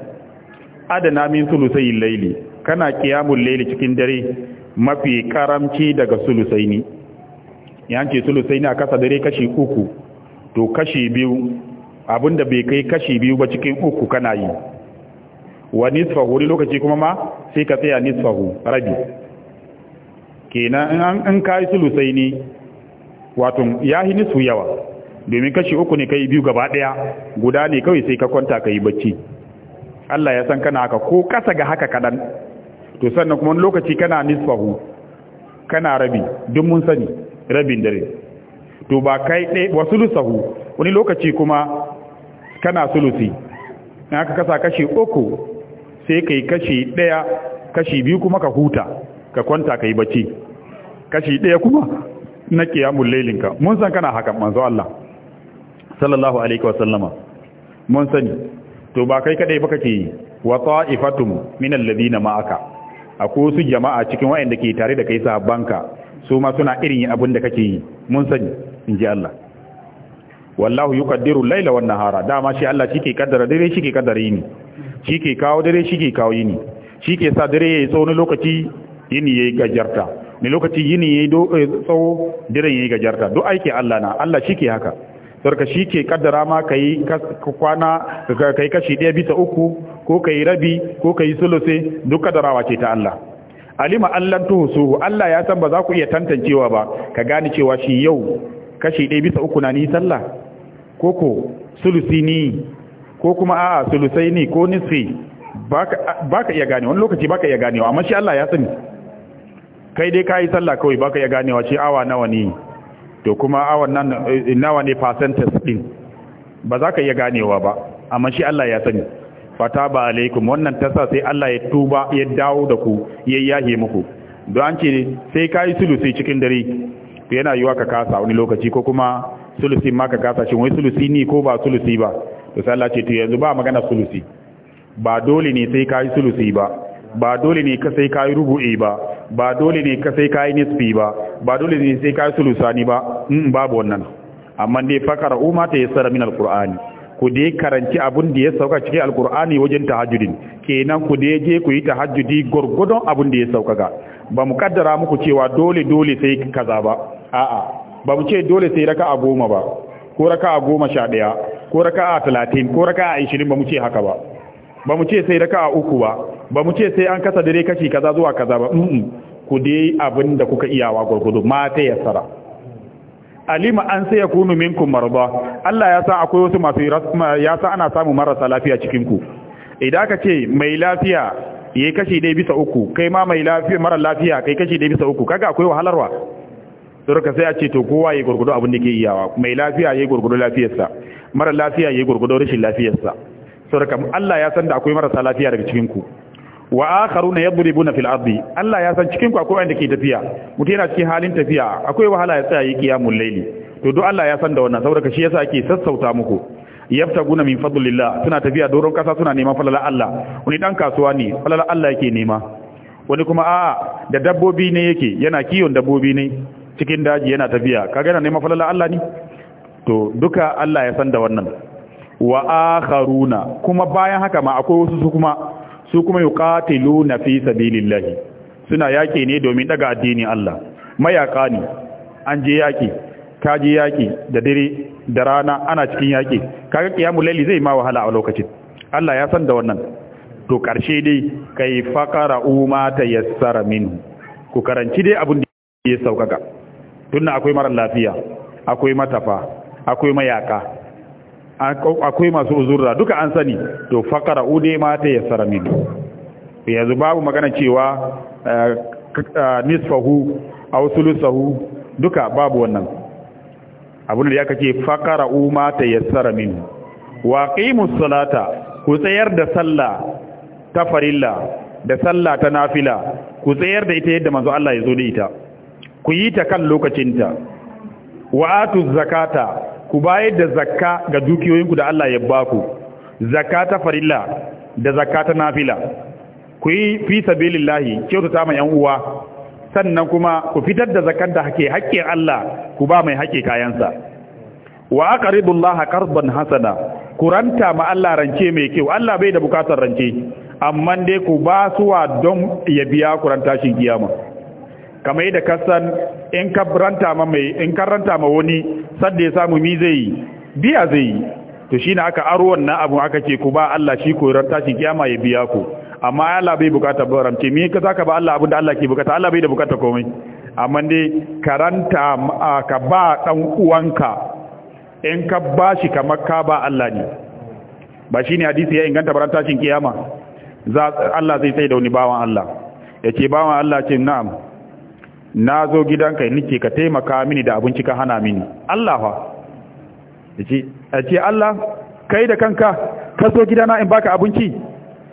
adana min sulusai laili kana qiyamul laili cikin dare mafi karamci daga ni yanke sulusai a kasa dare kashi uku to kashi biyu abinda bai kai kashi biyu ba cikin uku kana yi wa nisfahu wani lokaci kuma ma sai ka tsaya nisfahu rabi kenan in kai sulusai ni wato yahi nisu yawa domin kashi uku ne kai biyu gaba daya guda ne kawai sai ka kwanta kai bacci Allah ya san kana haka ko kasa ga haka kadan to sannan kuma lokaci kana nisfahu kana rabi duk mun sani rabin dare to ba kai dai wasulusahu wani lokaci kuma kana sulusi in aka kasa kashi uku sai kai kashi ɗaya, kashi biyu kuma ka huta ka kwanta kai bacci kashi daya kuma na kiyamun lailinka mun san kana haka manzo Allah sallallahu alaihi wasallama mun sani to ba kai kadai ba kake wa ta'ifatum min alladhina ma'aka akwai su jama'a cikin wayanda ke tare da kai banka. su ma suna irin abin da kake yi mun sani inji Allah wallahu yuqaddiru layla laila wan nahara dama shi Allah shi ke kaddara dare shi ke kaddara yini shi ke kawo dare shi ke kawo yini shi ke sa dare ya yi tsawon lokaci yini ya yi gajarta ne lokaci yini yayi do eh, tsawo dare yayi jarta duk aiki Allah na Allah shike haka sarka shike kaddara ma kai kwana kai kashi ɗaya bisa uku ko kai rabi ko kai sulusi duk kaddarawa ce ta Allah alima allan tuhsuhu Allah ya san ba za ku iya tantancewa ba ka gane cewa shi yau kashi ɗaya bisa uku na ni sallah Ko sulusi ni ko kuma a'a sulusai ni ko nisfi baka baka iya gane wani lokaci baka iya gane. amma shi Allah ya sani kai dai ka yi sallah kawai baka ya ganewa ce awa nawa ne to kuma awan eh, nawa ne percentage din ba za ka iya ganewa ba amma shi Allah ya sani fata ba alaikum wannan tasa sai Allah ya tuba ya dawo da ku ya yahe muku don an ce sai ka yi sulusi cikin dare to yana yiwa ka kasa wani lokaci ko kuma sulusi ma ka kasa shi wai sulusi ne ko ba sulusi ba to sai Allah ce to yanzu ba magana sulusi ba dole ne sai ka yi sulusi ba ba dole ne ka sai kayi rubu'i ba ba dole ne ka sai kayi nisfi ba ba dole ne sai kayi sulusani ba in mm, babu wannan amma dai fakara umma ta yassara min alqur'ani ku dai karanci abun da ya sauka cikin alqur'ani wajen tahajjudin kenan ku dai je ku yi tahajjudi gurgudon abun da ya sauka ga ba mu kaddara muku cewa dole dole sai kaza ba a'a ba mu ce dole sai raka'a goma ba ko raka'a goma sha ɗaya ko raka'a talatin ko raka'a ishirin ba mu ce haka ba ba mu ce sai raka'a uku ba ba mu ce sai an kasa dare kashi kaza zuwa kaza ba ku dai abin da kuka iyawa gurgudu ma ta yassara alima an sai ya kunu minkum marda Allah ya sa akwai wasu masu ya sa ana samu marasa lafiya cikin ku idan aka ce mai lafiya yayi kashi dai bisa uku kai ma mai lafiya mara lafiya kai kashi dai bisa uku kaga akwai wahalarwa ka sai a ce to kowa yayi gurgudu abin da ke iyawa mai lafiya yayi gurgudu lafiyarsa mara lafiya yayi gurgudu rashin lafiyarsa saboda Allah ya san da akwai marasa lafiya daga cikinku. ku wa akharuna yadribuna fil ardi Allah ya san cikinku ku akwai wanda ke tafiya mutum yana cikin halin tafiya akwai wahala ya tsaya yi qiyamul layli to duk Allah ya san da wannan saboda shi yasa ake sassauta muku Yaftaguna min fadlillah suna tafiya doron kasa suna neman falala Allah wani dan kasuwa ne falala Allah yake nema wani kuma a'a da dabbobi ne yake yana kiyon dabbobi ne cikin daji yana tafiya kaga yana neman falala Allah ne to duka Allah ya san da wannan wa akharuna kuma bayan haka ma akwai wasu su kuma su kuma na fi sabilillahi suna yaki ne domin daga addinin Allah mayaka ne an je yaki ka je yaki da dare da rana ana cikin yaki kaga qiyamul layli zai ma wahala a lokacin Allah ya san da wannan to karshe dai kai faqara umma tayassara min. ku karanci dai abin da ya saukaka tunna akwai mara lafiya akwai matafa akwai mayaka akwai masu uzurra duka an sani to fakara ude ma ta yassara min yanzu babu magana cewa eh, eh, nisfahu aw sulusahu duka babu wannan abin da ya kace fakara u ma ta yassara min wa qimus salata ku tsayar da sallah ta farilla da sallah ta nafila ku tsayar da ita yadda manzo Allah ya zo da ita ku yi ta kan lokacinta wa atuz zakata ku bayar da zakka ga dukiyoyinku da Allah ya baku zakka ta farilla da zakka ta nafila ku yi fi sabilillahi kyautata ma yan uwa sannan kuma ku fitar da zakar da hake hakkin Allah ku ba mai hake kayansa wa aqridullaha qardan hasana kuranta ma Allah rance mai kyau Allah bai da bukatar rance amma dai ku ba suwa don ya biya kuranta shi kiyama kama yadda ka san in ka ranta ma mai in ka ranta ma wani sadda ya samu mi zai yi biya zai yi to shine aka aro wannan abu aka ce ku ba Allah shi ko ran tashin kiyama ya biya ku amma Allah bai bukata baramce me ka zaka ba Allah abin da Allah ke bukata Allah bai da bukata komai amma dai karanta ka ba dan uwanka in ka bashi kamar ka ba Allah ne ba shine hadisi ya inganta baran tashin kiyama za Allah zai sai da wani bawan Allah yace bawan Allah ce na'am na zo gidanka nike ka taimaka mini da abinci ka hana mini Allah fa ce yace Allah kai da kanka ka zo gidana in baka abinci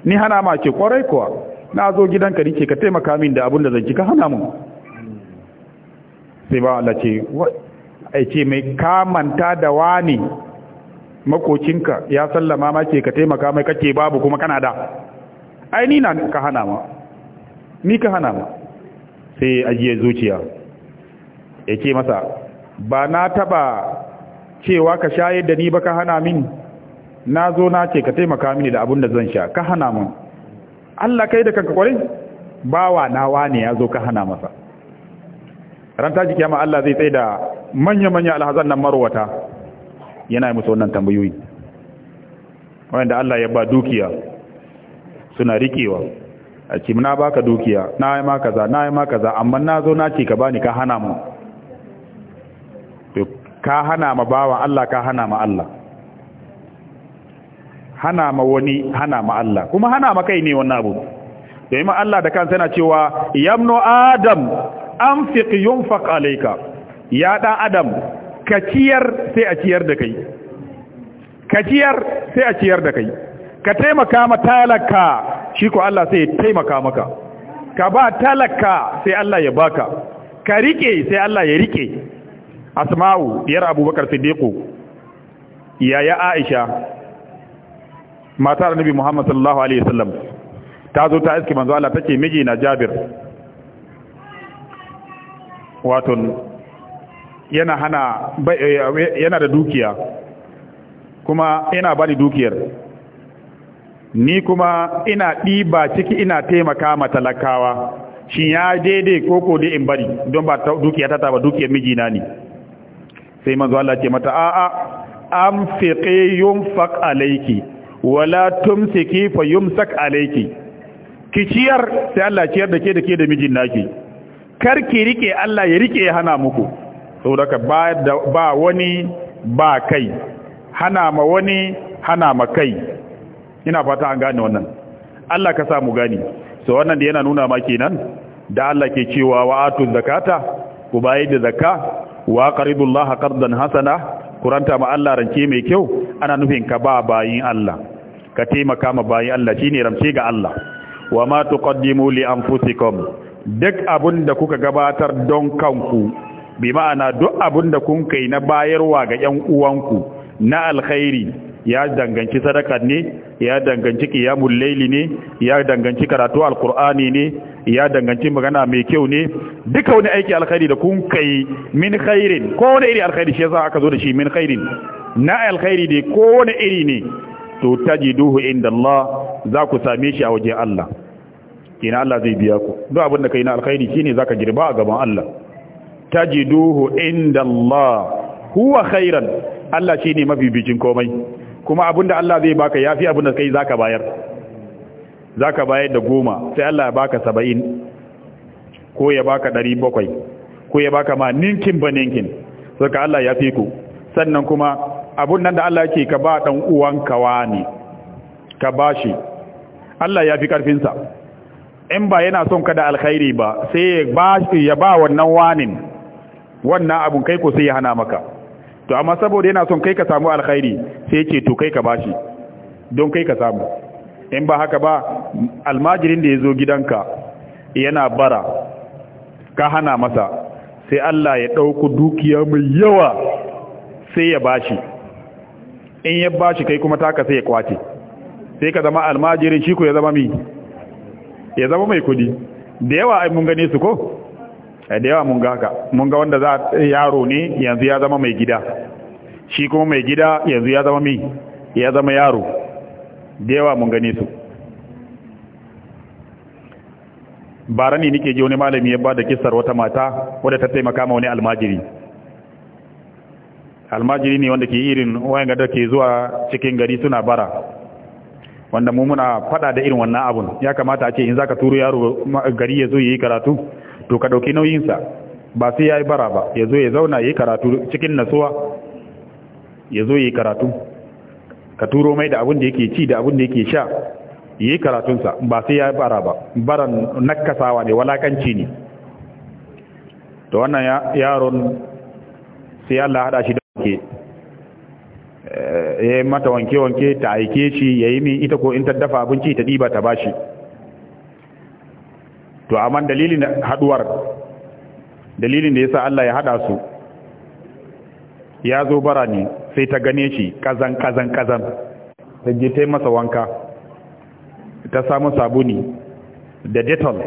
ni hana ma ce kwarai kuwa na zo gidanka nike ka taimaka mini da abin da zan ci ka hana mu sai ba Allah ce ce mai kamanta da wani makocinka ya sallama ma ce ka taimaka mai kake babu kuma kana da ai ni na ka hana ma ni ka hana ma sai ajiye zuciya ya ce masa ba na taba cewa ka sha da ni ba ka hana min na zo na ce ka taimaka mini da abin da zan sha ka hana min Allah kai da kanka kwarin bawa na wane ya zo ka hana masa ran taji kiyama Allah zai tsaye da manya-manya alhazan nan marwata yana yi musu wannan tambayoyi wanda Allah ya ba dukiya suna rikewa a ce na baka dukiya na yi ma kaza na yi ma kaza amma na zo na ce ka bani ka hana mu ka hana ma bawa Allah ka hana ma Allah hana ma wani hana ma Allah kuma hana ma kai ne wannan abu domin Allah da kansa yana cewa yamnu adam anfiq yunfaq alayka ya da adam ka ciyar sai a ciyar da kai ka ciyar sai a ciyar da kai ka taimaka ma talaka shi ko Allah sai ya taimaka maka ka ba talaka sai Allah ya baka ka rike sai Allah ya rike asma'u biyar abubakar siddiqu yaya aisha matar nabi muhammad sallallahu alaihi wasallam ta zo ta iske manzo Allah tace miji na jabir wato yana hana eh, yana da dukiya kuma yana bani dukiyar ni kuma ina ɗiba ciki ina taimaka ma talakawa shi ya daidai ko ko in bari don ba dukiya ta ba dukiyar mijina ne sai manzo Allah ce mata a'a fiqi yunfaq alayki wala tumsiki fa yumsak alayki ki sai Allah ciyar da ke da ke da mijin naki kar ki rike Allah ya rike hana muku saboda ka ba wani ba kai hana ma wani hana ma kai ina fata an gane wannan Allah ka mu gani so wannan da yana nuna ma kenan da Allah ke cewa wa zakata ku bayar da zakka wa qaridullah qardan hasana kuranta ma Allah rance mai kyau ana nufin ka ba bayin Allah ka taimaka ma bayin Allah shine ramce ga Allah wa ma tuqaddimu li anfusikum duk da kuka gabatar don kanku bi ma'ana duk da kun kai na bayarwa ga 'yan uwanku na alkhairi ya danganci sadaka ne ya danganci qiyamul laili ne ya danganci karatu alkur'ani ne ya danganci magana mai kyau ne duka wani aiki alkhairi da kun kai min khairin ko wani iri alkhairi shi yasa aka zo da shi min khairin na alkhairi dai ko wani iri ne to tajiduhu inda Allah za ku same shi a wajen Allah kina Allah zai biya ku duk abin da kai na alkhairi shine zaka girba a gaban Allah tajiduhu inda Allah huwa khairan Allah shine mafi bijin komai kuma abinda Allah zai baka yafi abinda kai zaka bayar zaka bayar da goma sai Allah ya baka saba'in ko ya baka ɗari bakwai ko ya baka ma ninkin ba ninkin ka Allah ya fi ku sannan kuma abun nan da Allah yake ka ba ɗan uwanka wani ka bashi Allah ya fi ƙarfinsa in ba yana son ka da alkhairi ba sai ya ba wannan wanin wannan abun kai ko sai ya hana maka to amma saboda yana son kai ka samu alkhairi sai yake to kai ka bashi don kai ka samu in ba haka ba almajirin da ya zo gidanka yana bara ka hana masa sai Allah ya ɗauku dukiya mai yawa sai ya bashi in ya bashi kai kuma taka sai ya kwace sai ka zama almajirin shi ko ya zama mi ya zama mai kudi da yawa ai mun gane su ko Eh, da yawa mun ga haka mun ga wanda za yaro ne yanzu ya zama mai gida shi kuma mai gida yanzu ya zama mai ya zama yaro da yawa mun gane su bara ne nike ji wani malami ya ba da kisar wata mata wadda ta taimaka ma wani almajiri almajiri ne wanda ke irin wayan gada ke zuwa cikin gari suna bara wanda mu muna fada da irin wannan abun ya kamata a ce in zaka turo yaro gari ya zo yi karatu to ka dauki nauyinsa ba sai yayi bara ba yazo ya zauna yayi karatu cikin nasuwa yazo yayi karatu ka turo mai da abin da yake ci da abin da yake sha yayi karatunsa ba sai yayi bara ba baran nakkasawa ne walakanci ne to wannan yaron sai Allah hada shi da ke eh, ya yi mata wanke-wanke ta aike shi ya yi min ita ko in ta dafa abinci ta ɗiba ta bashi to amma dalilin haduwar dalilin da yasa Allah ya hada su ya zo bara ne sai ta gane shi kazan kazan kazan ta je ta masa wanka ta samu sabuni da detol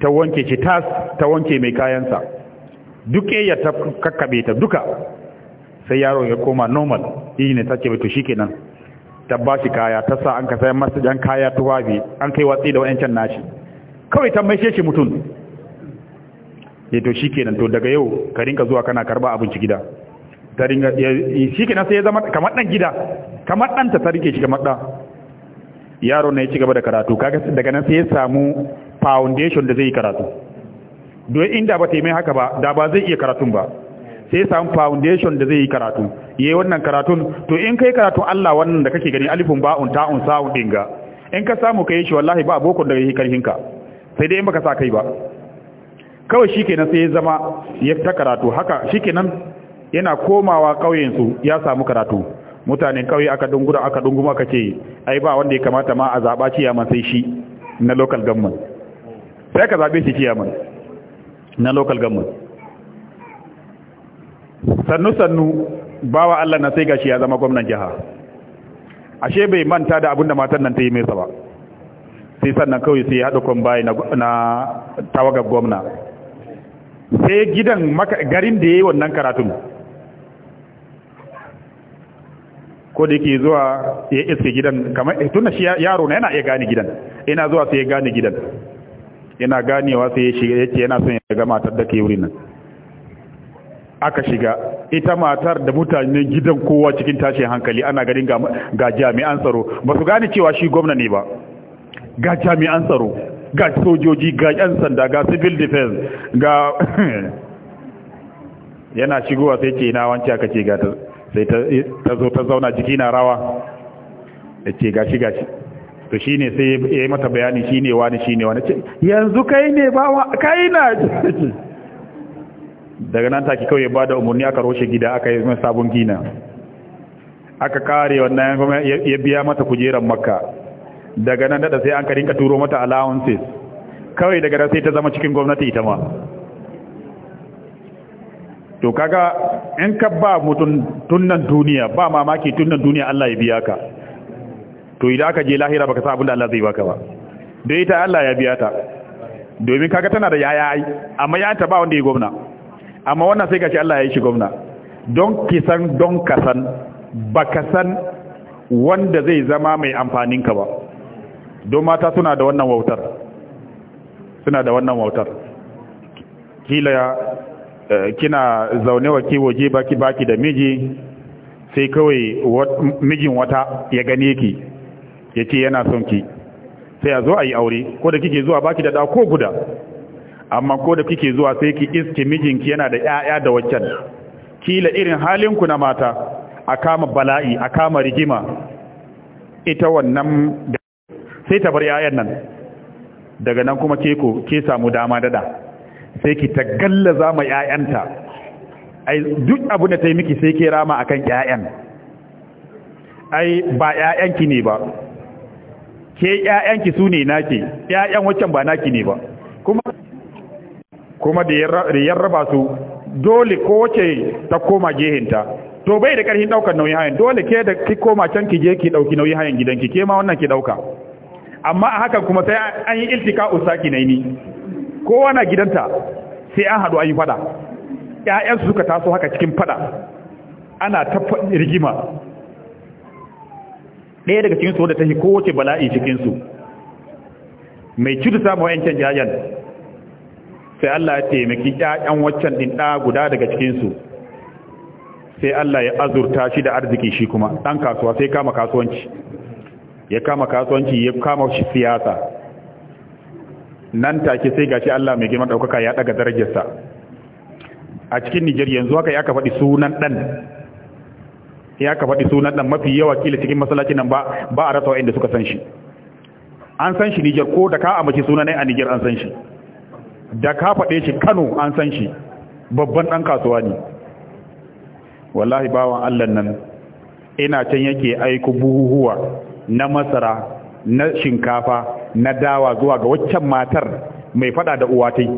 ta wanke shi tas ta wanke mai kayansa duk ya ta kakkabe ta duka sai yaro ya koma normal yi ne ta ce to shikenan ta bashi kaya ta sa an ka sayan masa kaya tufafi an kai watsi da wayancan nashi kawai ta maishe shi mutum ya to shi kenan to daga yau ka rinka zuwa kana karba abinci gida ta rinka shi kenan sai ya zama kamar dan gida kamar ɗanta ta rike shi kamar ɗan yaro na ya ci gaba da karatu kaga daga nan sai ya samu foundation da zai yi karatu don inda ba ta yi mai haka ba da ba zai iya karatun ba sai ya samu foundation da zai yi karatu ya yi wannan karatun to in kai karatun Allah wannan da kake gani alifun ba'un ta'un sa'un dinga in ka samu ka yi shi wallahi ba bokon da yi karhinka sai dai in baka sa kai ba kawai shikenan sai ya zama ya ta karatu haka shikenan yana komawa kauyen su ya samu karatu mutanen kauye aka dungura aka dunguma aka ce ai ba wanda ya kamata ma a zaba ciyaman sai shi na local government sai ka zabe shi ciyaman na local government sannu sannu bawa Allah na sai gashi ya zama gwamnan jiha ashe bai manta da abinda matan nan ta yi mai sa ba sai sannan kawai sai ya haɗa kwambayi na tawagar gwamna sai gidan garin da ya yi wannan karatun ko da yake zuwa ya iske gidan kamar eh, tun shi yaro na yana iya gane gidan yana zuwa sai ya gane gidan yana ganewa sai ya shiga yake yana son ya ga matar da ke wuri nan aka shiga ita matar da mutanen gidan kowa cikin tashin hankali ana ganin ga jami'an tsaro ba su gane cewa shi gwamna ne ba ga jami'an tsaro ga sojoji ga 'yan sanda ga civil defense ga yana shigowa sai ce na wanci aka ce ga sai ta zo ta zauna jiki na rawa da ce gashi gashi to shi ne sai ya yi mata bayani shi ne wani shi ne wani ce yanzu kai ne ba wa kai na daga nan take kawai ba da umarni aka roshe gida aka yi sabon gina aka kare wannan ya biya mata kujerar makka daga nan da sai an ka turo mata allowances kawai daga nan sai ta zama cikin gwamnati ita ma to kaga in ka ba mutum tunan duniya ba mamaki tunan duniya Allah ya biya ka to idan aka je lahira baka sa abin da Allah zai baka ba dai ita Allah ya biya ta domin kaga tana da yaya ai amma ya ta ba wanda ya gwamna amma wannan sai kace Allah ya yi shi gwamna don kisan don kasan baka san wanda zai zama mai amfanin ka ba don mata suna da wannan wautar suna da wannan wautar kila eh, kina zaune wa kiwo je baki baki da miji sai kawai mijin wata ya gane ki ya ce yana son ki sai a zo a yi aure ko da kike zuwa baki da da ko guda amma ko da kike zuwa sai ki iske mijinki yana da ƴaƴa da waccan kila irin halinku na mata a kama bala'i a kama rigima ita wannan sai ta bar yayan nan daga nan kuma ke ko ke samu dama dada sai ki ta gallaza ma yayanta ai duk abu da ta yi miki sai ke rama akan yayan ai ba yayanki ne ba ke yayanki su ne naki yayan waccan ba naki ne ba kuma kuma da ya raba su dole ko wace ta koma gehinta to bai da karhin daukar nauyin hayan dole ke da ki koma can ki je ki dauki nauyin hayan gidanki ke ma wannan ki dauka amma a haka kuma sai an yi iltika saki na ni kowa na gidanta sai an haɗu an yi fada ƴaƴansu suka taso haka cikin fada ana ta rigima ɗaya daga cikinsu wadda ta kowace bala'i cikinsu mai cuta samun yankin jayen sai Allah ya taimaki ‘ya'yan waccan ɗin ɗa guda daga cikinsu sai Allah ya azurta shi da arziki shi kuma ɗan kasuwa sai kama kasuwanci ya kama kasuwanci ya kama shi siyasa nan take sai gashi Allah mai girman daukaka ya daga darajarsa a cikin Niger yanzu haka ya ka faɗi sunan dan ya ka faɗi sunan dan mafi yawa kila cikin masallacin nan ba ba a rasa wanda suka san shi an san shi Niger ko da ka mace sunan a Niger an san shi da ka faɗe shi Kano an san shi babban dan kasuwa ne wallahi bawan Allah nan ina can yake aiko buhuhuwa na masara na shinkafa na dawa zuwa ga waccan matar mai fada da uwatai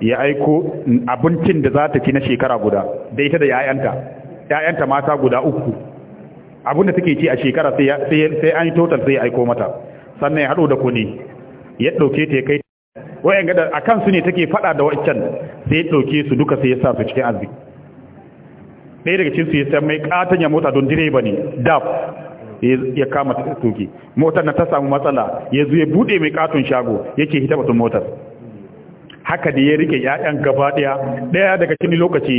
ya aiko abincin da za ta ci na shekara guda da ita da ‘ya'yanta ‘ya'yanta mata guda uku Abin da take ci a shekara sai an yi total sai ya aiko mata sannan ya haɗo da kuni ya ɗauke ta ya kai wayan gada a kansu ne take fada da waccan sai ya ɗauke su duka sai ya sa su cikin arziki ɗaya daga cinsu ya san mai katon ya mota don direba ne daf ya kama tuki motar na ta samu matsala ya zo ya buɗe mai katon shago yake hita batun motar haka da ya rike ƴaƴan gaba ɗaya ɗaya daga cikin lokaci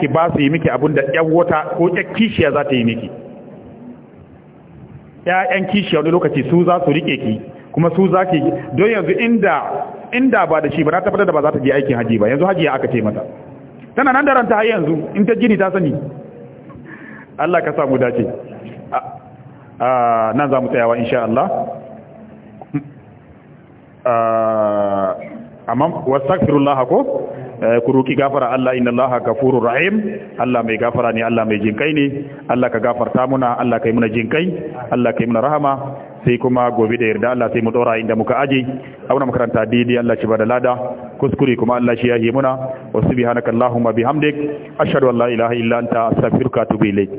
ki ba su yi miki abin da ƴan wata ko ƴan kishiya za ta yi miki ƴaƴan kishiya wani lokaci su za su rike ki kuma su za ki don yanzu inda inda ba da shi ba na tabbatar da ba za ta je aikin haji ba yanzu haji ya aka ce mata tana nan da ranta har yanzu in ta jini ta sani Allah ka samu dace nan za mu tsayawa insha Allah amma wastaghfirullah ko eh, ku roki gafara Allah inna Allah gafurur rahim Allah mai gafara ne Allah mai jinkai ne Allah ka gafarta muna Allah kai muna jinkai Allah kai muna rahama sai kuma gobe da yarda Allah sai mu dora inda muka aje auna makaranta daidai Allah shi bada lada kuskure kuma Allah shi yahi muna wa subhanakallahumma bihamdik ashhadu an la ilaha illa anta astaghfiruka wa atubu ilayk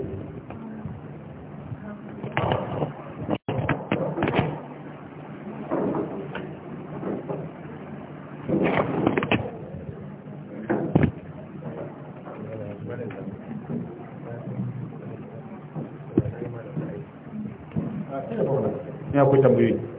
muito tambayoyi